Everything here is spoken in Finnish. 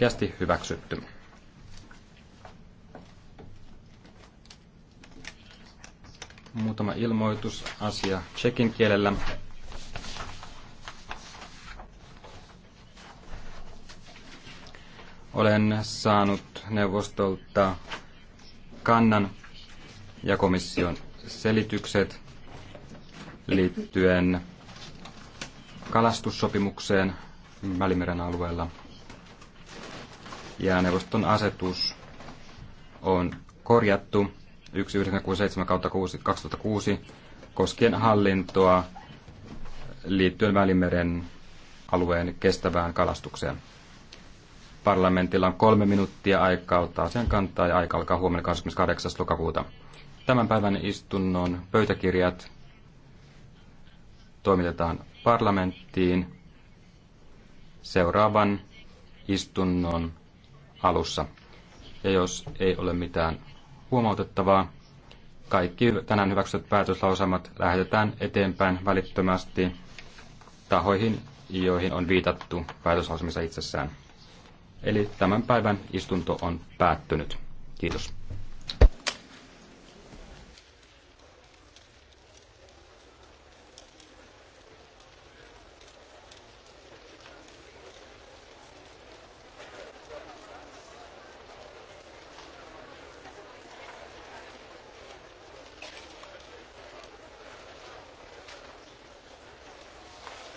selkeästi hyväksytty. Muutama ilmoitus asia tsekin kielellä. Olen saanut neuvostolta kannan ja komission selitykset liittyen kalastussopimukseen Välimeren alueella ja neuvoston asetus on korjattu 1967-2006 koskien hallintoa liittyen Välimeren alueen kestävään kalastukseen. Parlamentilla on kolme minuuttia aikaa ottaa sen kantaa ja aika alkaa huomenna 28. lokakuuta. Tämän päivän istunnon pöytäkirjat toimitetaan parlamenttiin seuraavan istunnon alussa. Ja jos ei ole mitään huomautettavaa, kaikki tänään hyväksytyt päätöslausamat lähetetään eteenpäin välittömästi tahoihin, joihin on viitattu päätöslausamissa itsessään. Eli tämän päivän istunto on päättynyt. Kiitos.